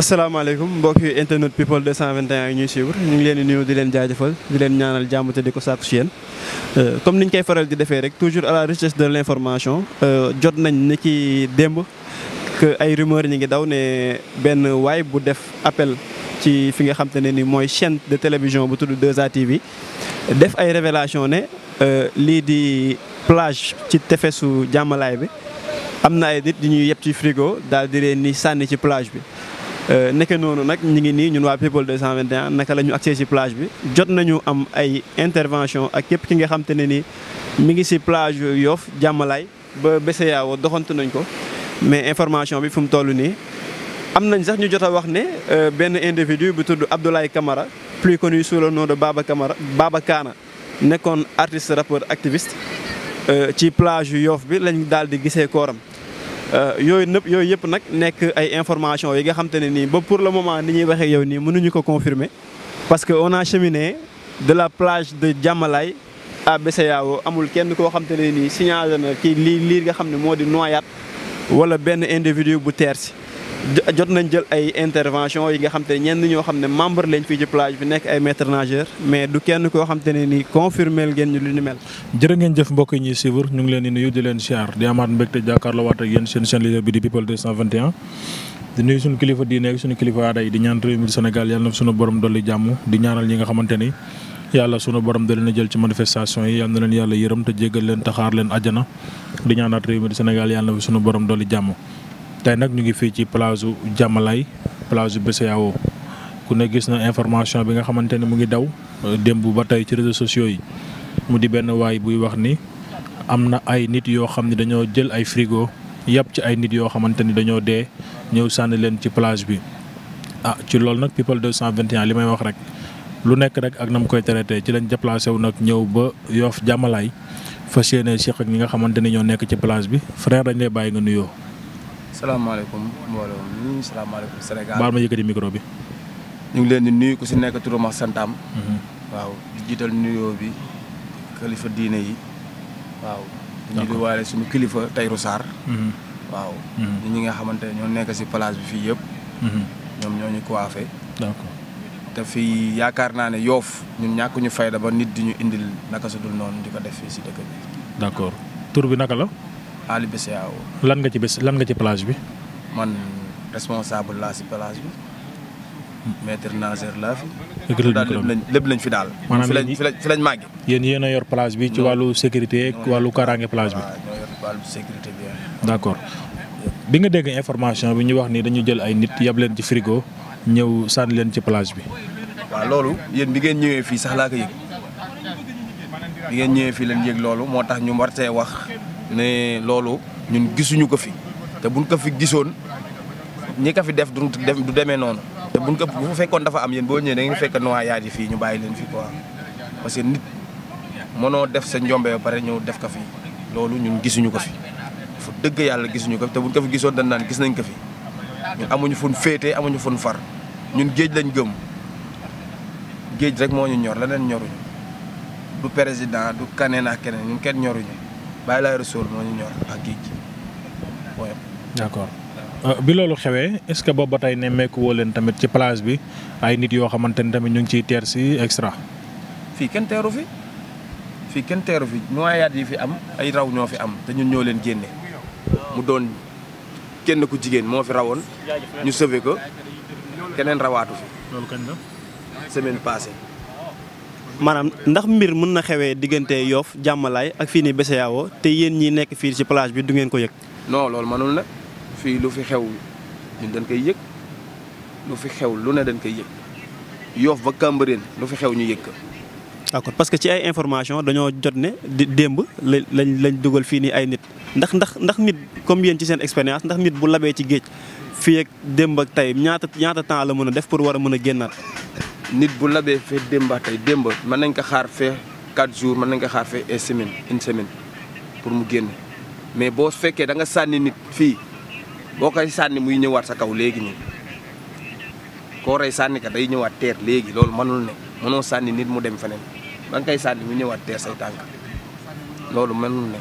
asalaamaaleykum mbokki internet people 221 yi ñuy suivre ñu ngi leen di nuyu di leen jaajëfal di leen ñaanal jàmm te di ko sàkku si yéen euh, comme niñ koy faral di defee rek toujours à la recherche de l' euh, jot nañ ni ki démb que ay rumeur ñi ngi daw ne benn waay bu def appel ci fi nga xam ne ni mooy chaîne de télévision bu tudd 2A TV def ay révélation ne euh, lii di plage ci tefesu jàmmalaay bi am na ay nit di ñuy yeb ci frigo daal di leen ni sànni ci plage bi Euh, nekke noonu nag ñu ngi nii ñun waa People 221 naka la ñu accès ci plage bi jot nañu am ay intervention ak képp ki nga xam ne nii mi ngi ci plage Yoff jàmmalaay ba Besseyaawo doxantu nañ ko mais information bi fu mu toll nii am nañ sax ñu jot a wax ne euh, benn individu bu tudd Abdoulaye Camara plus connu sous le nom de Baba Camara Baba Kaana nekkoon artiste rappeur activiste euh, ci plage Yoff bi lañ daal di gisee kooram Euh, yooyu nëpp yooyu yëpp nag nekk ay information yi nga xam te ne nii ba pour le moment ni ñuy waxee yow nii mënuñu ko confirmer parce que on a cheminé de la plage de Diamalaye à Besseyao amul kenn koo xam te ne nii signalé na kii lii lii nga xam ne moo di noyaat wala benn individu bu teer si jot nañ jël ay intervention yi nga xam te ne ñenn ñoo xam ne membre lañ fii ci plage bi nekk ay maître nageur mais du kenn koo xam te ne nii confirmé ngeen ñu lu ni mel. jërë ngeen jëf mbokk yi ñuy suivre ñu ngi leen di nuyu di leen siyaar di amaat mbégte jàkkaarloo waat ak yéen seen seen leader bi di people 221. di nuyu suñu kilifa diine ak suñu kilifa aada yi di ñaan réew mi Sénégal yàlla na suñu borom dolli jàmm di ñaanal ñi nga xamante ni. yàlla sunu borom da leen jël ci manifestation yi yal na leen yàlla yërëm te jéggal leen taxaar leen àjjana di ñaanaat réew mi di Sénégal yàlla na fi sunu jàmm tey nag ñu ngi fii ci place Diamalaye place BCEAO ku ne gis na information bi nga xamante ne mu ngi daw euh, démb ba tey ci réseaux sociaux yi mu di benn waay buy wax ni am na ay nit yoo xam ne dañoo jël ay frigo yàpp ci ay nit yoo xamante ni dañoo dee ñëw sànni leen ci plage bi ah ci loolu nag people 221 li may wax rek lu nekk rek ak na mu koy traité ci lañ déplacé wu nag ñëw ba Yoff Diamalaye fas yéene Cheikh ak ñi nga xamante ni ñoo nekk ci plage bi frère dañ lay bàyyi nga nuyoo. salaamaaleykum mbooloo mi salaamaaleykum Sénégal. baal ma yëkkati micro bi. ñu ngi leen di nuyu ku si nekk turam ak santaam. Mhm. waaw di jiital nuyoo bi kilifa diine yi waaw. d' ñu waale suñu kilifa Tayru Sarr. Mhm. waaw. Mhm. ñi nga xamante ne ñoo nekk si place bi fii yëpp. ñoom ñoo ñu coiffé. d' accord fii yaakaar naa ne yoof ñun ñàkk ñu fayda ba nit di ñu indil naka su dul noonu di ko def fii si dëkk bi. d' accord tur bi naka la. Ali BCAO. lan nga ci bés lan nga ci plage bi. man responsable laa si plage bi. maître nageur laa fi. lépp lañ fi daal. maanaam fi lañ fi lañ màggee. yéen yéen a yor plage bi ci wàllu sécurité wàllu kaaraange plage bi. waaw bi d' accord bi nga dégg information bi ñu wax ni dañu jël ay nit yab leen ci frigo ñëw sànni leen ci plage bi. waaw loolu yéen bi ngeen ñëwee fii sax laa ko yëg bi ngeen ñëwee fii leen yëg loolu moo tax ñu war see wax. ne loolu ñun gisuñu ko fi te buñ ko fi gisoon ñi ko fi def du du demee noonu. te buñ ko bu fekkoon dafa am yéen boo ñëwee da ngeen fekk noyade yi fi ñu bàyyi leen fi quoi parce que nit mënoo def seen njombe ba pare ñëw def ko fi loolu ñun gisuñu ko fi fu dëgg yàlla gisuñu ko fi te buñ ko fi gisoon dañ gis nañ ko fi ñun amuñu fun féete amuñu fun far ñun géej lañ gëm géej rek moo ñu ñor leneen ñoruñu du président du kanee naa keneen ñun kenn ñoruñu. bàyyi laay Rasoul moo ñu ñor ak géej euh, bi loolu xewee est-ce que boobu ba tey nemmeeku woo leen tamit ci plage bi ay nit yoo xamante ni tamit ñu ngi ciy teer si extra. fii kenn teeru fi fii kenn teeru fi noyade yi fi am ay raw ñoo fi am te ñun ñoo leen génne mu doon kenn ku jigéen moo fi rawoon ñu sauvé ko keneen rawaatu fi. loolu kañ la semaine maanaam ndax mbir mën na xewee diggante Yoff jàmmalaay ak fii nii Besseyaawo te yéen ñi nekk fii ci plage bi du ngeen ko yëg. non loolu mënul na fii lu fi xew ñun dañ koy yëg lu fi xew lu dañ koy yëg ba Cambérène lu fi xew ñu yëg ko. d'accord parce que ci ay information dañoo jot ne démb lañ lañ dugal fii nii ay nit ndax ndax ndax nit comme yéen ci seen expérience ndax nit bu labee ci géej fii ak démb ak tey ñaata ñaata temps la mën a def pour war a mën a génnaat. nit bu labee fee démba tey démba mën nañ ko xaar fee quatre jours mën nañ ko xaar fee une semaine semaine pour mu génn mais boo fekkee danga sànni nit fii boo koy sànni muy ñëwaat sa kaw léegi nii koo rey sànni ka day ñëwaat teer léegi loolu mënul ne mënoo sànni nit mu dem feneen ba nga koy sànni mu ñëwaat teer say tànk loolu mënul ne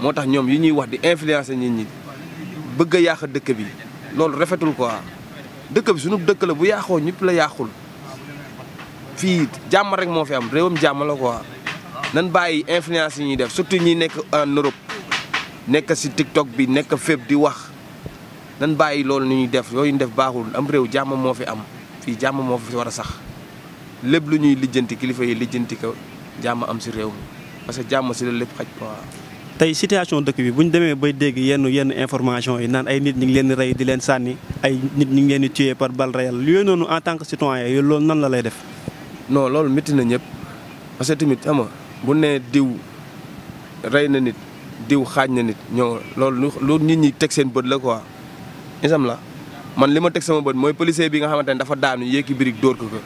moo tax ñoom yi ñuy wax di influencer nit ñi bëgg a yàq dëkk bi loolu rafetul quoi dëkk bi suñu dëkk la bu yàqoo ñëpp la yàqul fii jàmm rek moo fi am réewam jàmm la quoi nan bàyyi influence yi ñuy def surtout ñi nekk en Europe nekk si TikTok bi nekk fépp di wax nan bàyyi loolu ni ñuy def yooyu ñu def baaxul am réew jàmm moo fi am fii jàmm moo fi war a sax lép lu ñuy lijjanti kilifa yi lijjanti ko jàmm am si réew mi parce que jàmm si la lép xaj quoi. tey situation dëkk bi bu ñu demee bay dégg yenn yenn information yi naan ay nit ñu ngi leen di rey di leen sànni ay nit ñu ngi leen di tuer par balle réelle yooyu noonu en nan la lay def. non loolu métti na ñëpp parce que tamit xam bu nee diw rey na nit diw xaaj na nit ñoo loolu lu nit ñi teg seen bët la quoi isam la man li ma teg sama bët mooy policier bi nga xamante ne dafa daanu yéeki birig dóor ko ko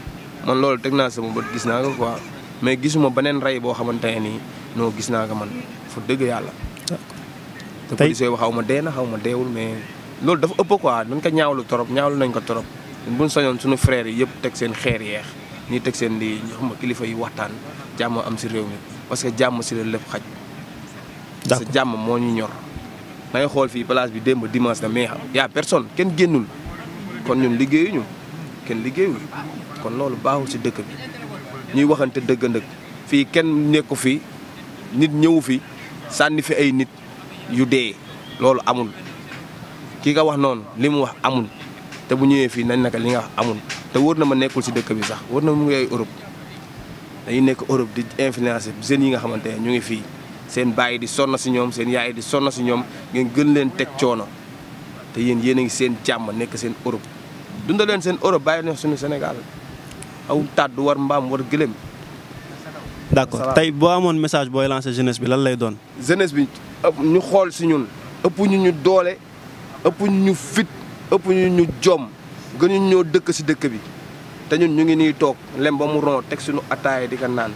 man loolu teg naa sama bët gis naa ko quoi mais gisuma beneen rey boo xamante ne nii non gis naa ko man fu dëgg yàlla te xaw ma dee na xaw ma deewul mais loolu dafa ëpp quoi dañ ko ñaawlu trop ñaawlu nañ ko torop buñ sañoon suñu frères yi yëpp teg seen xeer yeex ñuy teg seen lii ñu xam kilifa yi waxtaan jàmm am si réew mi parce que jàmm si la lépp xaj. parce jàmm moo ñu ñor. da xool fii place bi démb dimanche na mais y' a personne kenn génnul kon ñun liggéeyuñu kenn liggéeyul kon loolu baaxul si dëkk bi ñuy waxante dëgg ndëgg fii kenn nekku fi nit ñëwu fi sànni fi ay nit yu dee loolu amul ki nga wax noonu li mu wax amul. te bu ñëwee fii nañ naka li nga amul te wóor na ma nekkul si dëkk bi sax wóor na mu ngay Europe dañuy nekk Europe di bi seen yi nga xamante ne ñu ngi fii seen baay di sonna si ñoom seen yaay di sonna si ñoom ngeen gën leen teg coono te yéen yéen a ngi seen jàmm nekk seen Europe dunda leen seen Europe bàyyi leen suñu senegal aw tàddu war mbaam war gëlëm d'accord tey boo amoon message booy lancé jeunesse bi lan lay doon jeunesse bi ñu xool si ñun ëpp ñu ñu doole ëpp ñu ëpp ñu ñu jom gënuñ ñoo dëkk si dëkk bi te ñun ñu ngi nii toog lem ba mu ron teg suñu ataaya di ka naan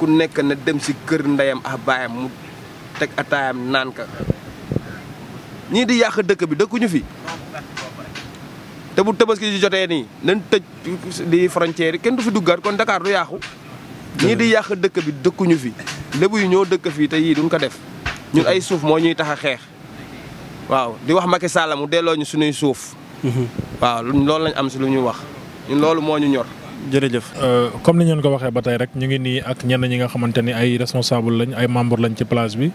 ku nekk na dem si kër ndeyam ak baayam mu teg ataayam naan ka ñii di yàq dëkk bi dëkkuñu fi te bu tabaski ji jotee nii nañ tëj di frontière kenn du fi duggaat kon Dakar du yàqu ñii di yàq dëkk bi dëkkuñu fi lébu yi ñoo dëkk fii te yii duñ ko def ñun ay suuf moo ñuy tax a xeex waaw di wax Macky Sall mu delloo ñu suñuy suuf. Mhm. waaw loolu lañ am si lu ñuy wax loolu moo ñu ñor. jërëjëf euh, comme ni ngeen ko waxee ba tey rek ñu ngi nii ak ñenn ñi nga xamante ni ay responsable lañu ay membre lañ ci place bi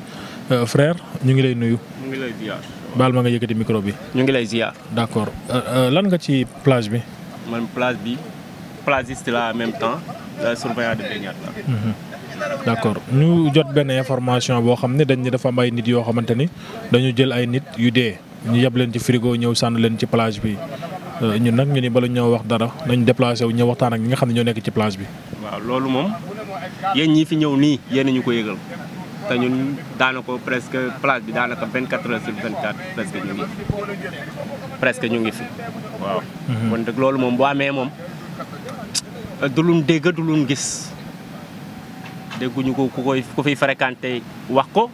euh, frère ñu ngi lay nuyu. ñu ngi lay ziar. baal ma nga yëkkati micro bi. ñu ngi lay ziar. d'accord euh, lan nga ci plage bi. man plage bi plagiste la en même temps surveillant de d'accord ñu jot benn information boo xam ne dañ ne dafa am ay nit yoo xamante ni dañu jël ay nit yu dee ñu yeb leen ci frigo ñëw sànni leen ci plage bi euh, ñun nag ñu ni bala ñoo wax dara nañ déplacé ñëw waxtaan ak ñi nga xam ne ñoo nekk ci plage bi. waaw loolu moom yéen ñi fi ñëw nii yéen ñu ko yëgal te ñun daanaka presque plage bi daanaka 24 heures sur 24 presque ñu ngi presque ñu ngi fi waaw. Mhm. kon nag loolu moom bu amee moom du luñ dégg du luñ gis. dégguñu ko ku koy ku fiy fréquenté wax ko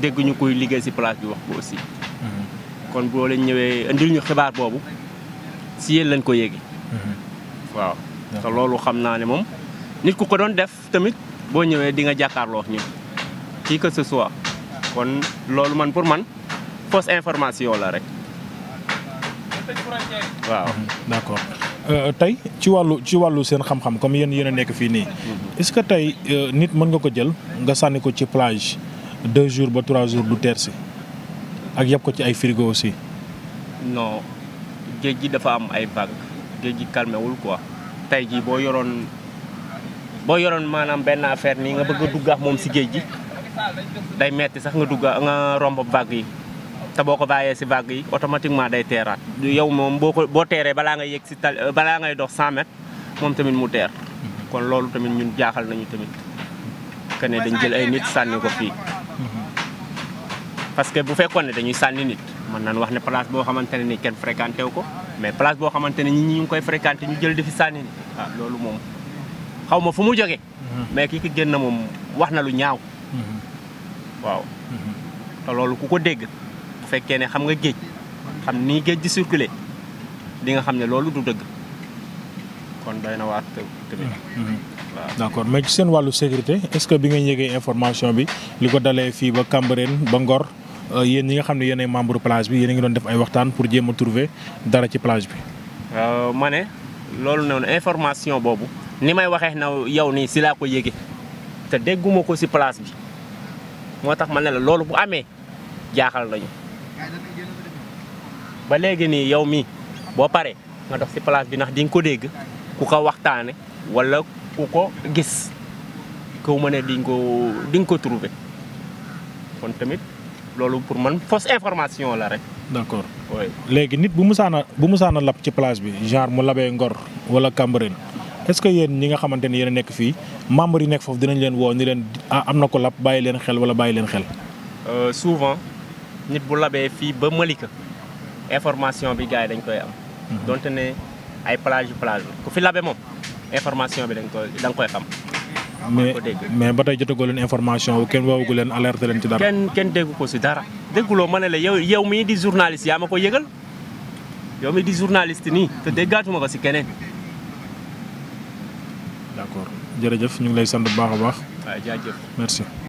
dégguñu koy liggéey si place bi wax ko aussi. Mm-hmm. kon boo leen ñëwee indil ñu xibaar boobu si yéen lañ ko yéegi mm-hmm. waaw te loolu xam naa ne moom nit ku ko doon def tamit boo ñëwee di nga jàkkaarloo ñu kii que ce soit kon loolu man pour man fausse information la rek waaw mm-hmm. Euh, tey ci wàllu ci wàllu seen xam-xam comme yéen yéen a nekk fii nii. Mhm. est-ce que tey euh, nit mën nga ko jël nga sànni ko ci plage deux jours ba trois jours du teer ak yàpp ko ci ay frigo aussi. non géej gi dafa am ay vagues géej gi calmé wul tey jii boo yoroon boo yoroon maanaam benn affaire nii nga bëgg a dugg moom si géej gi day metti sax nga dugg nga romb vagues yi. te boo ko bàyyee si vague yi automatiquement day teeraat yow moom boo boo teeree balaa ngay yëg si tal euh, balaa ngay dox 100 mètres moom tamit mu teer mhm. kon loolu tamit ñun jaaxal nañu tamit que ne dañ jël ay nit sànni ko fii mhm. parce que bu fekkoon ne dañuy sànni nit mën nañ wax ne place boo xamante ne ni kenn fréquenté wu ko mais place boo xamante ne ñi ñu ngi koy fréquenté ñu jël di fi sànni nit ah, loolu moom xaw ma fu mu jógee mhm. mais kii ki génn moom wax na lu ñaaw waaw te loolu ku ko dégg bu fekkee ne xam nga géej xam nii géej di circulé di nga xam ne loolu du dëgg kon doy na waat tamit. Mm-hmm. waaw d'accord mais ci seen wàllu sécurité est-ce que bi nga yéegee information bi li ko dalee fii ba Cambérène ba Ngor euh, yéen ñi nga xam ne yéen ay membre plage bi yéen ngi doon def ay waxtaan pour jéem a trouver dara ci plage bi. Euh, ma ne loolu noonu information boobu ni may waxee na yow nii si laa ko yëgee te dégguma ko si place bi moo tax ma ne la loolu bu amee jaaxal nañu. ba léegi nii yow mi boo paree nga dox ci place bi ndax di nga ko dégg ku ko waxtaane walla ku ko gis ko mën ne di nga ko di ko trouver kon tamit loolu pour man fausse information la rek. d'accord léegi nit bu musaana bu musaana lab ci place bi genre mu labee Ngor walla Cambérène est-ce que yéen ñi nga xamante ne yéen nekk fii membre yi nekk foofu dinañ leen woo ni leen ah am na ko lab bàyyi leen xel walla bàyyi leen xel. Euh, souvent. nit bu labee fii ba Malika information bi gars yi dañ koy am. Mhm. donte ne ay plage plage ku fi labe moom information bi dañ koy da nga koy xam. mais mais ba tey jotagoo leen information kenn woowagu leen alerté leen ci dara. kenn kenn déggu ko si dara dégguloo ma ne la yow yow mii di journaliste yaa ma ko yëgal yow mii di journaliste nii te déggaatuma ko si keneen. d' accord jërëjëf ñu ngi lay sant bu baax a baax. waaw jaajëf merci.